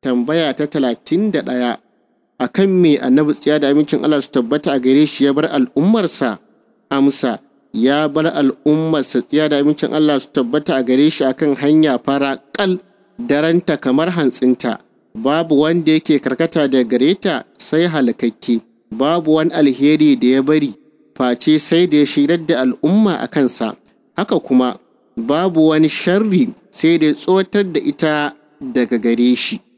tambaya ta talatin da ɗaya a kan me annabi tsaya da amincin Allah su tabbata a gare shi ya bar al'ummarsa amsa ya bar al'ummarsa tsaya da amincin Allah su tabbata a gare shi akan hanya fara ƙal. daranta kamar hantsinta babu wanda yake karkata da gare ta sai halakakke babu wani alheri da ya bari face sai da ya shirar da al'umma a kansa haka kuma babu wani sharri sai da ya tsotar da ita daga gare shi